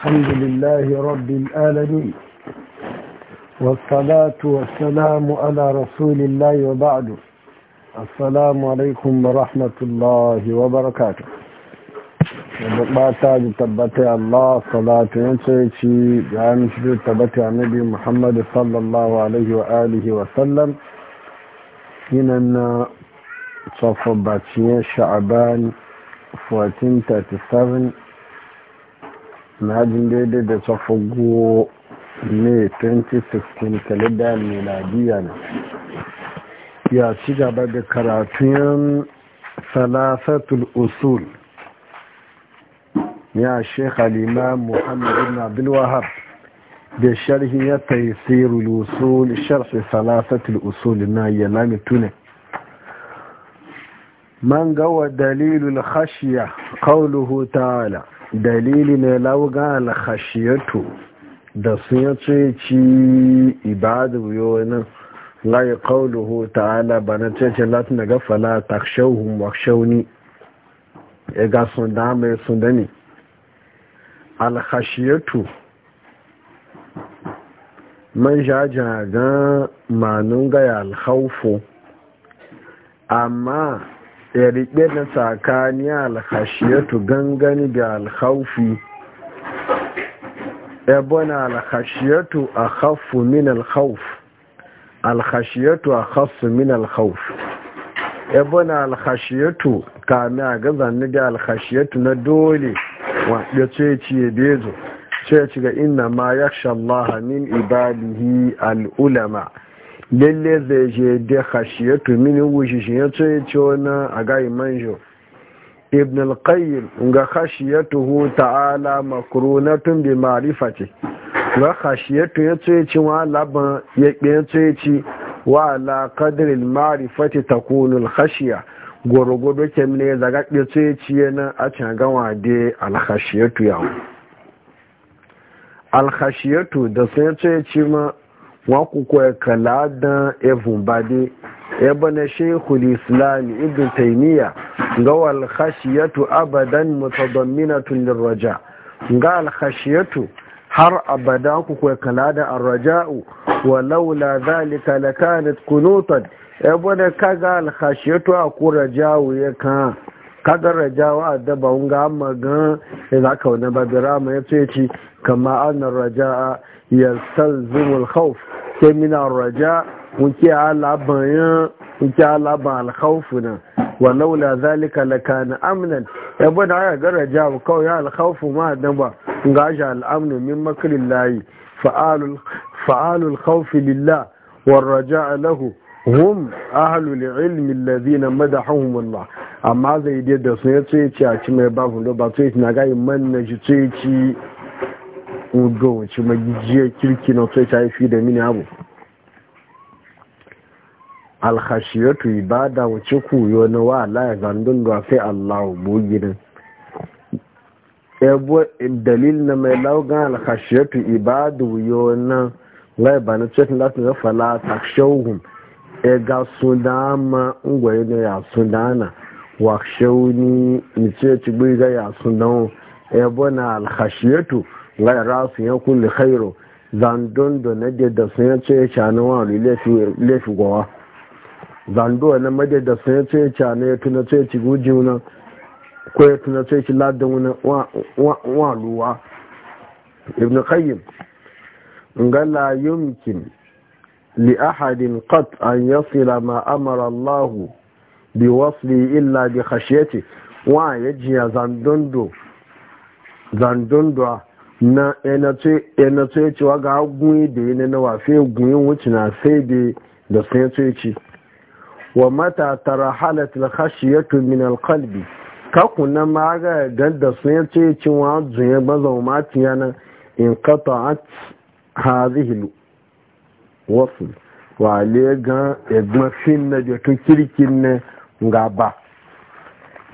الحمد لله رب العالمين والصلاة والسلام على رسول الله وبعد السلام عليكم ورحمة الله وبركاته وبقاتا تبت الله صلاة ينسيتي يعني شبه تبتي عن نبي محمد صلى الله عليه وآله وسلم هنا صفبتي شعبان 1437 Na najin daidai da safago ne 2016 kalidar miladiya ne ya ci gaba da karatun salasatul usul ya sheikh alima muhammad ibn Wahab da sharhi ya taisiru usul sharfi salasatul usul na yalami tunan من قوى دليل الخشية قوله تعالى dalili ne lauga alhashiyatu da sun ya ce ci ibadu yonin laye kauluhu ta'ala ba na cece latin daga fala takshauhun wakshauni ya e ga sun dama sun dani alhashiyatu man ga manun gaya alhaufu amma ya riƙe na tsakani alhashiyatu gangani da alhaufi ebona alhashiyatu a haffu min alhauf alhashiyatu a min alhauf ebona alhashiyatu kame a gazanni da alhashiyatu na dole wadda ce ya bezo ce ci ga inna ma ya shan min ibadihi al'ulama lele zai je da khashiyatu min wujishin ya ce ce wani a gayi manjo ibn al-qayyim ga khashiyatuhu ta'ala makrunatun bi ma'rifati ga khashiyatu ya ce ce wa laban ya ce ce wa la qadri al-ma'rifati takunu al-khashiya gwargwado kem ne zaga ya ce ce na a can gawa de al-khashiyatu yawo al-khashiyatu da sai ce ce ma wọn kúkọ ẹ̀kà láàdán ẹ̀fùnbadé ẹbọn sheikhul islam ibn taimiyya ga alkhashiyatu abadan mutadamminatu lirraja ga alkhashiyatu har abada kúkọ ẹ̀kà láàdán arraja'u wa laula dhalika lakanat kunutan ẹbọn kaga alkhashiyatu akura jawo ya kan kaga rajawa a daba wunga ga gan ya za ka wani babira ya ce kama annar raja'a ya salzimul khawf kemina raja wuke alaban wuke wa laula zalika lakana amnan yabo da aka ga raja kawai alkhawfu ma dan ba ga shi al'amnu min makrin layi fa'alul fa'alul khawfi lillah war raja lahu hum ahlul ilmi alladhina madahum amma zai da su ya ce ci a ci mai babu ba sai na ga man na ji ce ci ugo wace magijiyar kirki na sai ta fi da mini abu alhashiyatu ibada wace koyo na wa Allah ya zandun da sai Allah bu gidan ebo dalil na mai laugan alhashiyatu ibada yo na lai ba na cikin latin ya fala e ga sunama ngwaye ne ya sunana wa shawni ni ce ci bi ga ya sudan ebo na alhashiyatu ga rasu ya kulli khairu zandon da na da sun ya ce wa gowa zando na made da sun ya ce ya tuna ce ci guji wuna ko ya tuna ce ci wuna wa luwa ibn nga la yumkin li ahadin qat an yasila ma amara allah bi wasli illa bi khashyati wa yajiya zandondo zandondoa na yana tsoye cewa ga agun da yi na wafe gun wuce na sai da da sun tsoye ci wa mata tara halatul khashiyatu min alqalbi ka kunna ma ga ganda sun tsoye ci wa zuye bazan ma tiyana in qata'at hadhihi alwasl wa le ga egma fin na da to kirkin ne ga ba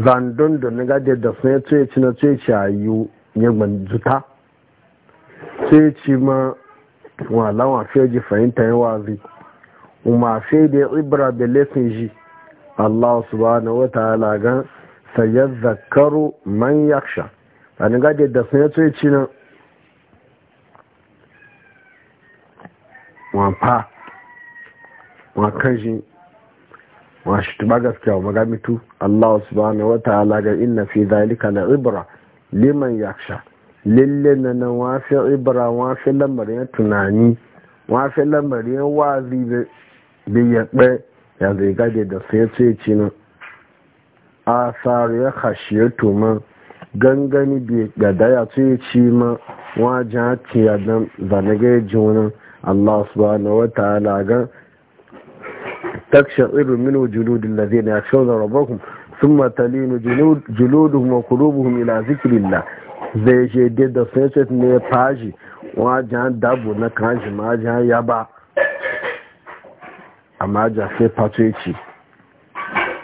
zan da na ga da sun tsoye na tsoye ci ayu ne gban zuta sai ci ma walawa ji fahimta yin wazi umar da ya ibra da lesin ji Allah subhanahu wa ta'ala gan sayar zakaru man yaksha a ni gaje da sun yato ci nan wa wakan shi wa shi tuba gaskiya wa magamitu Allah subhanahu wa ta'ala ga ina fi zalika na ibra liman yaksha lalle na nan wafin ibra wafin lamarin tunani wafin lamarin wazi da ya ɓe ya zai da sai ci nan a tsari ya hashe tuma gangani bi gada ya tsaye ci ma wajen haki ya dan zanaga ya ji wani allah subhanahu wa ta'ala ga takshin irin minu juludin da zai na ya shi wani rabakun sun matalinu juludun makulubuhun ila zikirin zai je da fesit ne ya fashi wajen dabu na kanshi majan ya ba ma ja sai fato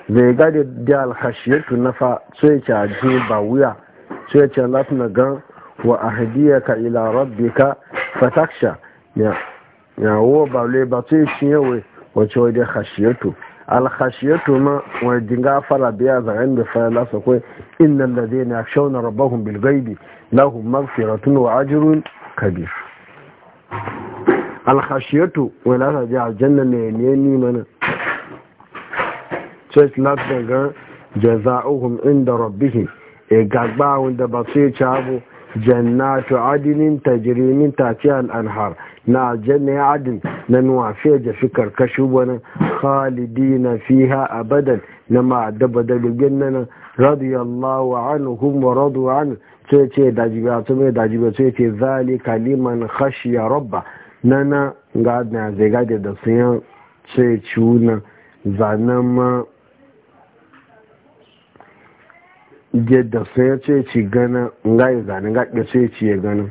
zai gade da alhashiyatu na fa a ji ba wuya sai ce na gan wa ka ila rabbika fataksha ya ba le ba sai shi yawe wace wajen hashiyatu alhashiyatuma ma wa dinga fara biya a da fara lasa kwai innan da zai na shauna rabahun bilgaibi lahun mafiratun wa ajirun kabir alhashiyatu wa lasa ji aljanna ne ne ni mana church last daga jaza'uhum inda rabbihim e gagba wanda ba su yi Janna jannatu adinin tajirimin tafiya al'anhar na aljanna ya adin na nuwafe da fi karkashi wani khalidi na a abadan na ma'adaba da lugin nan radiyallahu anhum wa radu anu ce ce dajiba to mai dajiba ce ce zali liman khashiya rabba na ga na zai gade da sun ce ciwunan zanen ma yadda sun ya ce ci gana nga yi zanen ga ce ci ya gana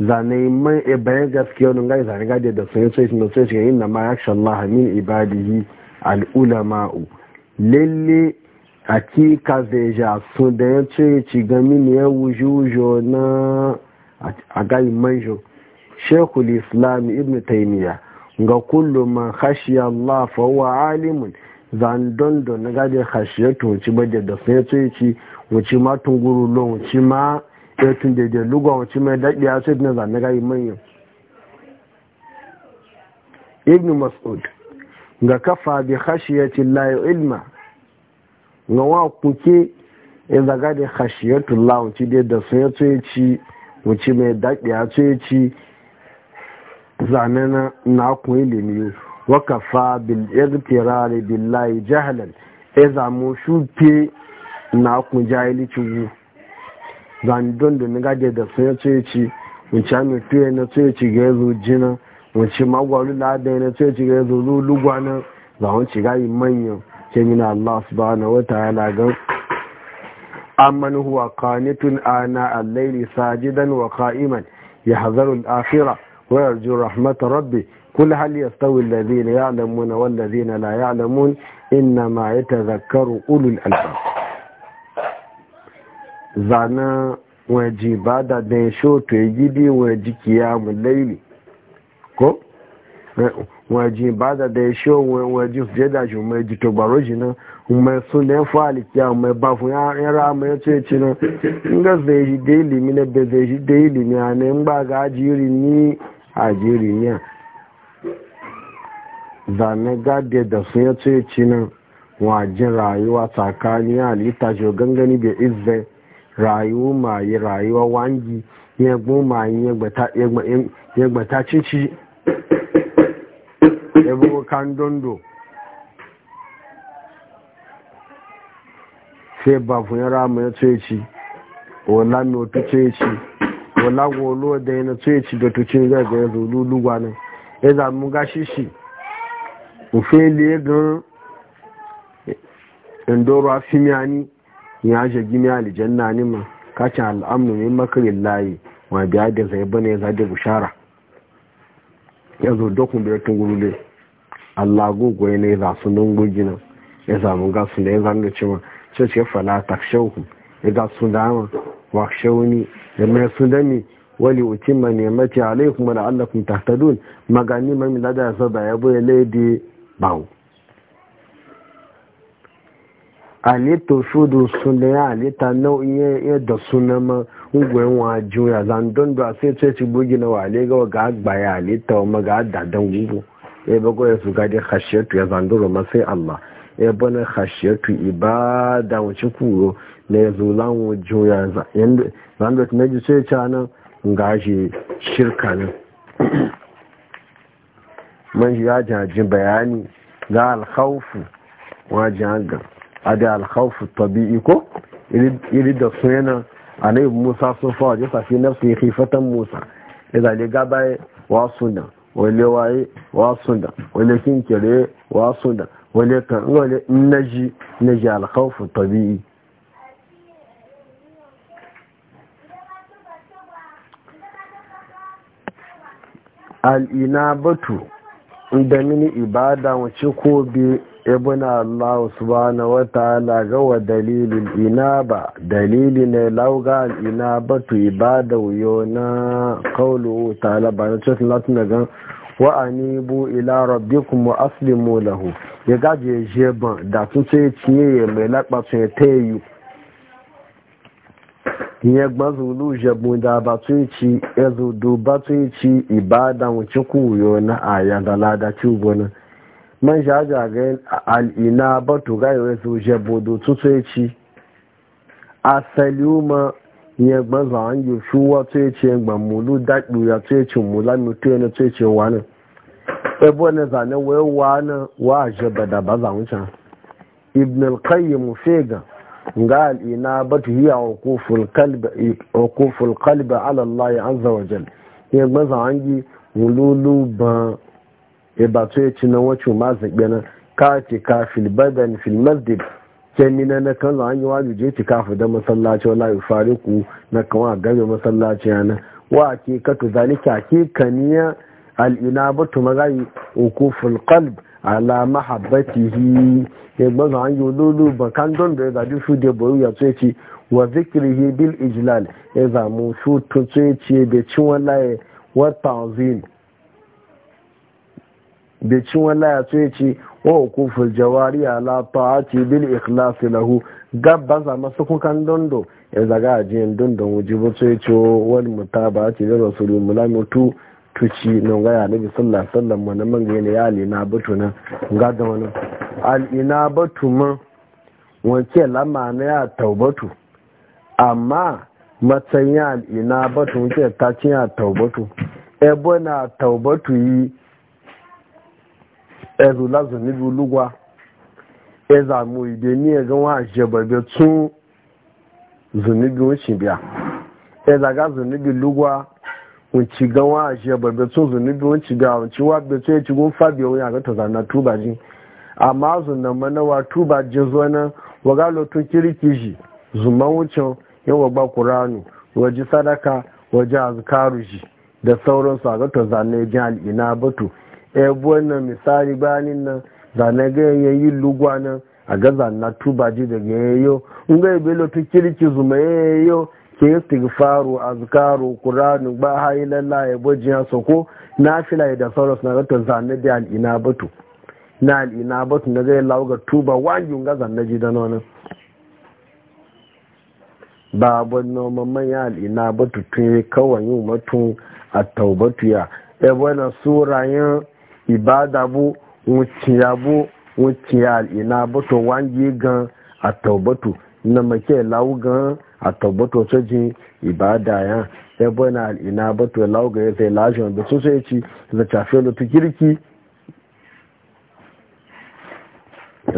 zane man e eh, bayan gaskiya wani ga zane gadi da sun sai sun sai shi inna ma yaksha Allah min ibadihi al ulama'u lalle hakika zai sun da ya ce ci gami ne ya wuju wujujo na a gari manjo shekul islam ibn taymiya ga kullu ma khashiya Allah fawa alimun zan don don na gade khashiyatu ci bade da sun sai ci wuci ma tunguru lon wuci ma ya tun daidai a wacce mai daɗi ya sai na zane gayi manyan ibn mas'ud ga kafa bi khashiyati la ilma ga wa kuke ya zaga da khashiyatu la wacce dai da sun yato ya ci wacce mai daɗi ya to ya ci zane na na kun ilimi wa kafa bil irtirari billahi jahlan ya zamu shuke na kun jahilci wu zandon da niga da da sun yace ci wuce mai fiye na sun yace ga yazo jina wuce magwaru da adai na sun yace ga yazo lulugwa na za wani ci gayi manyan ke mina Allah subhanahu wa ta'ala gan amman huwa qanitun ana al-layli sajidan wa qa'iman yahzaru al-akhirah wa yarju rahmat rabbi قل هل يستوي الذين يعلمون والذين لا يعلمون إنما يتذكر أولو الألباب zana waje ba da dan shoto ya gidi waje kiyamu laili ko waje ba da dan sho waje je da shi mai jito baro shi na mai sun da fa alikiya mai ba fun ya ra mai ce ci na in ga zai shi da ilimi na be zai shi da ilimi a ne in ba ga ajiri ni ajiri ni zane gade da sun ya ce ci na wajen rayuwa tsakanin halitta shi gangani bai izai rayuwa maye rayuwa wangi ya goma ya gbata cici ya bugu kan dondo sai bafin ya ramu ya tsoye ci wala mai otu tsoye ci wala golo da yana tsoye ci da tuci zai ga ya zo lulugwa nan ya zamu gashi shi ofele gan indoro afimiani ya shagi mai alijanna ne ma kaci al'amnu ne makarin layi ma biya da zai bane ya zaɗe bushara ya zo dokun biyar tun gurule allah gogo ya za su nan gurgina ya zamu ga su da ya zanga cewa ce ce fala shauku ya ga su dama wa shauni ya mai su dami wali ma ne mace alaikum wa la'allakum tahtadun magani mamila da ya zaba ya boye laidi bawo alito shudu suna ya alita nau'in yadda suna ma ngwen wa juya zandon da sai ce ci bugi na wale ga ga agba ya alita wa ga dadan gugu ya e bago ya suga di khashiyatu ya zandoro ma sai Allah ya e na khashiyatu ibada wuce kuro na ya zulan wa juya zandon na ji sai ce nan ga shi shirka nan man ya jaji bayani ga alkhawfu wa jagan a da alkhawfu tabi'i ko iri da su yana a na musa sun fawa jisa fi nafsu ya kifatan musa ya zale gabaye wa suna wale waye wa suna wale kinkire wa suna wale kan wale naji naji alkhawfu tabi'i al'ina batu da mini ibada wace ko bi ibn Allah subhanahu wa ta'ala ga wa dalilin inaba dalili ne lauga al'inaba tu ibada wuyo na kaulu ta'ala ba na cikin latin daga wa anibu ila rabbikum wa aslimu lahu ya gaje je da tun ce ciye ya mai lakpa sun ya teyu ya gbazulu jebun da ba tun ci ezudu ba tun ci ibada wuce wuyo na aya da lada ci man shaja ga al'ina batu ga yawon su jebodo tutu ya ci a saluma ya gbanza an yi shuwa tu ya ci gban mulu daɗu ya tu ya ci mula mutu ya na tu ya ci wani ebo na zane wai wani wa a jebada ba za wuce ibn al-qayyim fega ga al'ina batu hiya wakuful kalba ala Allah ya azza wa jal ya gbanza an yi mululu ban ya e ba to ya ci nan wacin ma zaɓe nan ka ce ka fil masjid na na kan zuwa yi waju je ci kafa da masallaci wala yi fari ku na kawa gabe masallaci yana wa ke katu ka ke kaniya maza magayi uku fulkalb ala mahabbatihi ya e gba an yi lulu bakan don da ya zaɗi su da boyu ya tsoye ci wa zikirihi bil ijlal ya e zamu su tun tsoye ci da cin wallaye wa da cin wallaya so ya ce wa hukuful jawari ala ce bil ikhlasi lahu gabba za masu kukan dondo ya zaga ajiyan dondo wujibu so ya ce oh, wal su rumu rasulun mulamutu tuci nan gaya na bi sallallahu alaihi wasallam wannan manga yana ya lina batu na ga da wannan alina batu ma wace lama na ya taubatu amma matsayin alina batu wace ta cin ya taubatu ebo na taubatu yi ezula lásán níbi olúwa ẹ̀zà mú ìdè ní ẹ̀gán wọn àjẹbẹ̀bẹ̀ tún zùnìbí ń ṣìbíà ẹ̀zà gá zùnìbí lúwa wunci gan wa shi ya barbe ga wa be sai ci a tuba ji amma zunna mana wa tuba ji nan wa ga lotun kirikiri shi zuman wucin yin wa ba kuranu sadaka da sauransu ebuwan nan misali bayanin nan zane ganyen yin lugwa nan a gaza na tuba ji ga yayo in ga ibe lotu kirki zuma yayo ke istighfaru azkaru qur'anu ba hailalla ya bojiya soko nafila da sauras na rata zane da al'ina batu na al'ina batu na zai lauga tuba wajin ga na ji da nonin babon noman manya al'ina batu tun kawai yin mutum a taubatu ya ebe na surayen ibada bu wuciya bu wuciya ina bato wangi gan a taubatu na make lawu gan a taubatu ta ji ibada ya ebe na ina bato lawu ga ya sai lajiyon da su sai ci da tafiya da tu kirki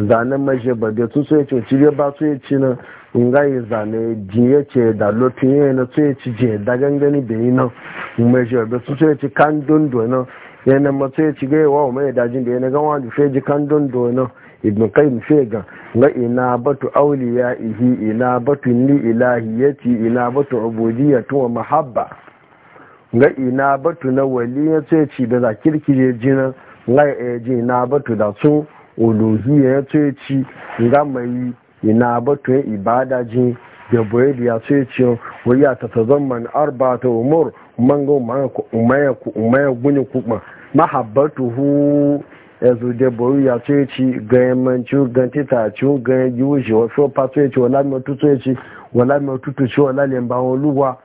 zanen maje ba da su sai ci cire ba su ci na nga yi zane jiye ce da lotin yana su ci je da gangani da yi nan maje ba su sai ci kan dondo na yana matsa ya ci gaiwa wa mai dajin da yana gawa da feji kan don dono ibn qayyim fega ga ina batu auliya ihi ina batu ni ci ina batu ya tuwa mahabba ga ina batu na ya ce ci da zakirkije jina ya e ji ina batu da su ya ce ci ga mai ina batu ibada ji da boye da ya ce ci wai ya ta tazamman arba ta umar mangon ga umaya guni kuma mahabbatuhu yanzu da boru ya ce ci ga yamanci ga titaci ga yiwu shi wasu fato ya ce wala mai tutu ya ce wala mai tutu ce wala lemba luwa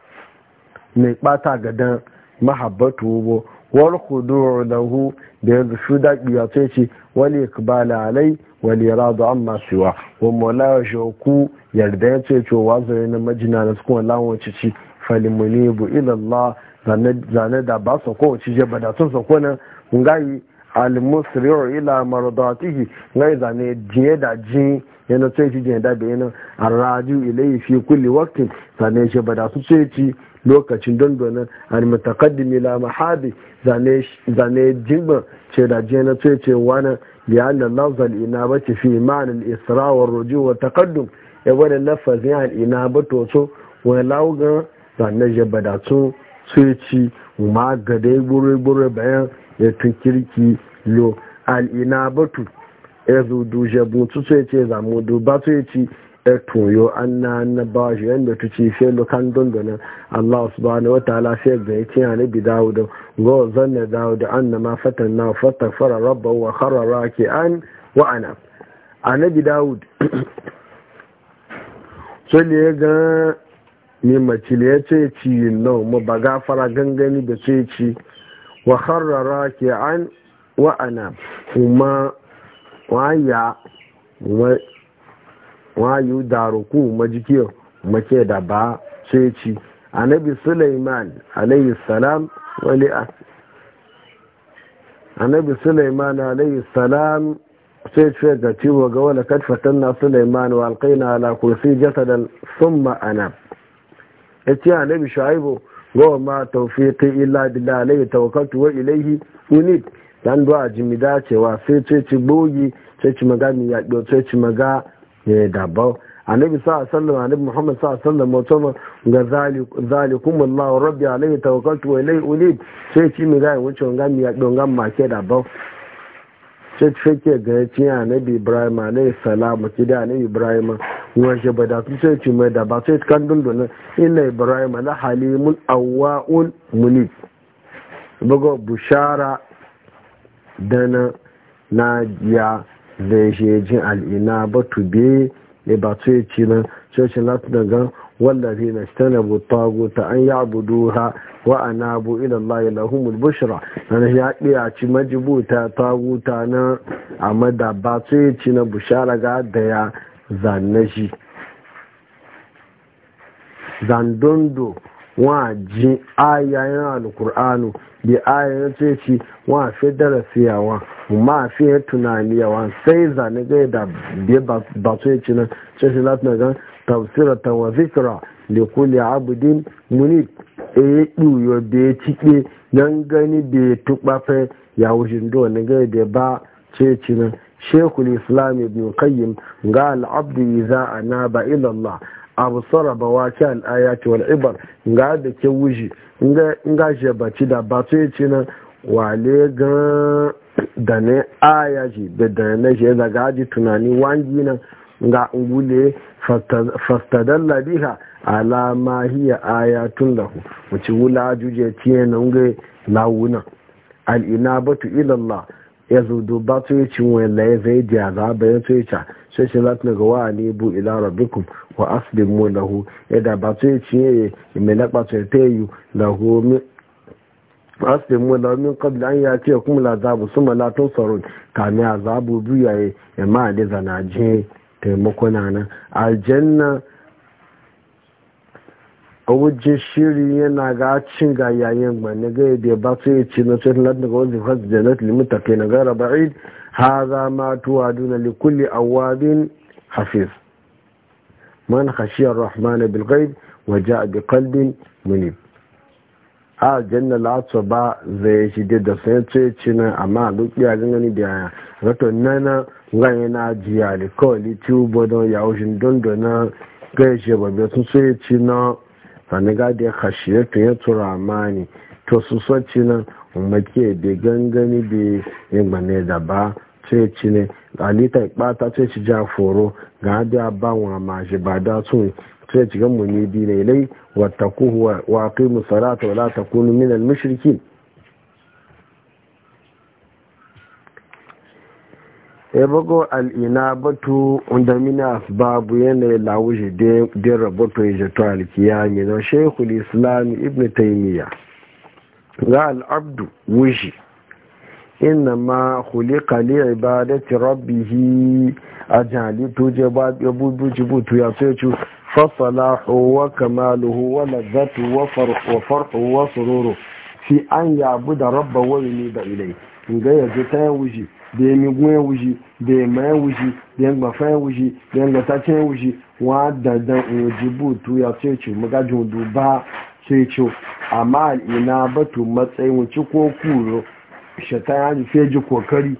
mai bata gadan mahabbatu mahabbatuhu bo wal khudu'u lahu da yanzu su da ya ce ci wal ikbala alai wal iradu amma siwa wa mawla shauku yarda ya ce ce wa zai na majina na suka wala wace ci falimuni bu ila Allah zane da ba su ko ci je ba da sun sako nan ngai alimun siriru ila maradatihi ngai zane jiye da ji yana ce ci jiye da bayanin arraju ilayi fi kulli waktin zane shi ba da su ce ci lokacin don donan alimutakaddimi la mahadi zane jimbin ce da ji yana ce ce wani liyanda lafzal ina ba ce fi imanin isra'awar roji wa ya e wani lafazin ina ba to wani lawugan zane shi ba da su sai ci ma dai gure-gure bayan ya kirki lo al'ina batu ya zo duje buntu sai ce zamu duba sai ci ya toyo an na na ba shi yadda tu ce sai lokan dundunan Allah subhanahu wataala sai ga ya cinya na bi da ga zanna dawo da an na ma fatan na fata fara rabba wa harara ke an wa ana annabi dawud sai ne ga ne macile ya ce ci nau mu ba gafara gangani da ce ci wa harrara ke an wa'ana kuma waya wayu ma ruku majikiyar make da ba ce ci annabi suleiman alayhi salam wali annabi suleiman alayhi salam sai ce ga ciwo ga wani katfatan na suleiman wa alkaina ala kursi jasadan sun ma'ana ya ce annabi shu'aibu wa ma tawfiqi illa billah alayhi tawakkaltu wa ilayhi unib dan do ajimi dacewa sai ce ci bogi sai ci maga mi ya sai ci maga ya dabo annabi sallallahu alaihi wasallam annabi muhammad sallallahu alaihi wasallam ga zalikum allah rabbi alayhi tawakkaltu wa ilayhi unib sai ci mi ga wuce ga mi yaɗo ga ma ke dabo sai ci fake ga ci annabi ibrahim alayhi salam ki da annabi ibrahim wajen ba da sai ce mai da ba sai kan dundunan ina ibrahim ala halimun awa'un muni buga bushara da na najiya zai al'ina ba tu be ne ba sai ce nan sai ce lati daga wanda zai na shi tana bu ta an ya budu ha wa ana bu ila allahi lahumul bushra na ya ɗaya ci majibuta ta taguta na a madaba sai ci na bushara ga da zanne shi zandondo wa ji ayayen alkur'anu bi ayayen ce ci wa fi darasiyawa ma fi sai zane gai da ba su yi nan ce shi latin gan tafsirata wa zikira da kuli abudin munit e ya ɗuyo da ya cike yan gani da ya tuɓafe ya wuce da wani gai da ba ce ci nan shekul islam ibn qayyim ga al'abdu za a na ba ilallah abu tsara ba wace al'ayati wal ibar ga da ke wuji ga shi ci da ba su ci nan wale ga da ne aya ji da da ne shi da ga ji tunani wangi nan ga ngule fastadalla biha ala ma hiya ayatun lahu wuce wula juje ciye nan ga lawuna al'inabatu ilallah ya ba to ya ci wani laye zai diya za a bayan to ya ca sai shi za ta ga wa ne bu ila rabbikum wa aslimu lahu ya da ba to ya ci ya mai laɓa to ya ta yi lahu aslimu lahu min qabla an ya ce kuma la zabu suma la tunsarun kamin azabu biyu ya ma da zanaje taimako na nan aljanna wujin shiri yana ga cin ga yayin gbani ga yadda ba su yi ci na sai ladin ga wani fas janat limita kai na gara ba'id ha za ma tuwa duna likulli awabin hafiz man khashiyar rahmanu bilgaib waje a bikalbin munib a janna latsa ba zai shi da sai ce ci na amma duk ya gani da yaya rato nana ganye na jiya da kawai tubo don yawon shi don dona gaishe babbe sun sai ci na sani gadi ya kashiye tun ya tura mani to su soci nan umarke da gangani bai yin da ba ceci ne alita ce ci ja foro ga ya ba wa shi ba da sun ci gan mu ni bi ne lai wata kuhu wa kai musalata wala ta kunu min al ya bago al'ina batu da mina babu yanayi lawushi din raboto ya jato alkiyami na shekul islam ibn taimiyya za al'abdu wuji inna ma hulika li ibadati rabbihi a jali je ba yabubu jibutu ya sai ci fasalahu wa kamaluhu wa lazzatu wa farhu wa sururu fi an yabu da rabba wani da ilai in ga yaji ta wuji. da ya migun ya wuji da ya mayan wuji da ya gbafa ya wuji da ya gbatacin ya wuji wa dandan butu ya ce ce ba ce ce amma al'ina batu matsayin wuce ko kuro shata ya fiye ji kokari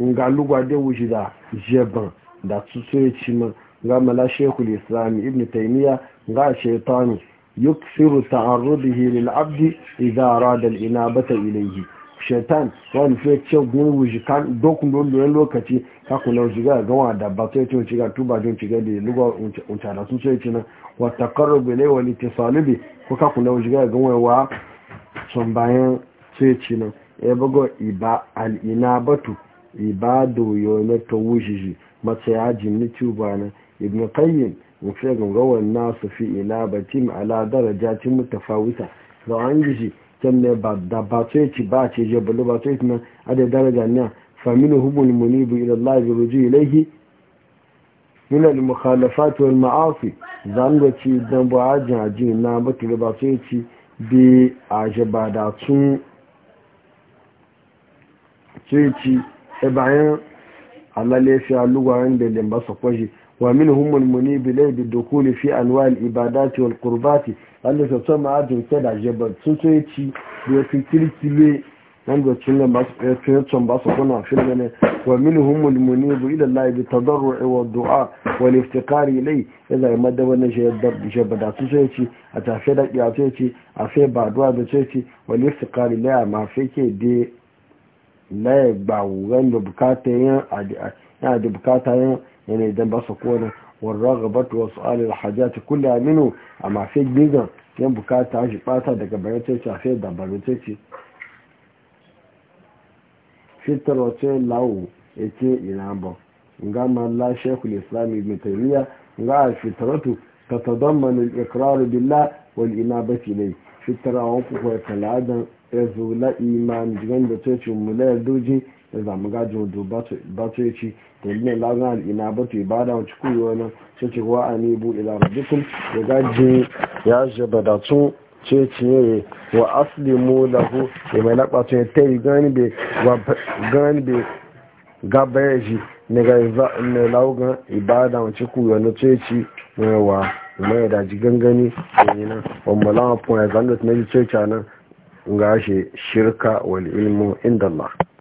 ga lugwa da wuji da jeban da su ya ci ma ga mala shekul islami ibn taimiyya ga shaitani yuksiru da lil abdi idara da ina bata ilayhi shaitan wani nufi ce gun wuji kan dokun lulluyen lokaci kakuna wuji ga gawa da ba sai ce wuci ga tuba jin ci ga da lugar unca da sun sai ce nan wata karo bele wani te salibi ko kakuna wuji ga gawa wa sun bayan sai ce nan ya e bago iba al'ina batu iba doyo na ta wuji ji matsaya jimni tuba na ibn qayyim wuce ga gawa nasu fi ila batim ala darajatin mutafawita ga an gishi sannan ba da ba so ci ba ce je bulu ba so yace nan da daraja ne faminu muni bu ila Allah bi ruji ilayhi min al mukhalafat wal ma'asi zan ga ci dan ba ajin ajin na mutu ba so ci bi a je ba da tun so ci e bayan amma laifi a lugwayen da limba su kwashe wa min humul muni bilai bi dokoli fi anwal ibadati wal qurbati wanda su so ma ajin sai da jebar su so ya ci da fi kirkire nan da cin da masu tsayacin ba su kuna fi ne wa min humul muni bu ila lai bi tadarru'i wa du'a wal iftikari ilai ya zai madda wannan jebar da su so ya ci a tafe da kiyace ci a sai ba du'a da ce ci wal iftikari ilai a mafi ke dai laye ba wugan da bukata yana da bukata yana yanayi don ba su kone wani gabata wasu alil hajjati kula aminu a mafi gbigan yan bukata shi bata daga baritoci a fiye da baritoci fitar wace lawo ya ce ina ba ga malla shekul islami ibn taymiya ga fitaratu ta ta tadammanu al-iqrar billah wal ba ilayhi fitara wa kuwa taladan ya zula imani jiran da ta ce mula ya doji da zamu gajin wato ba ta ce da ne lagun al'ina ba ta ibada wa cikin yi wani ce ce wa a ne bu ila rabbikum da gajin ya jaba da tun ce ce wa aslimu lahu da mai laɓa ya ta yi gani bai gabayar shi ne ga laugan ibada wa cikin wani ce ce mai wa mai da ji gangani da yi nan wa mulawa point zanus na ji ce ce nan gashi shirka wal ilmu inda Allah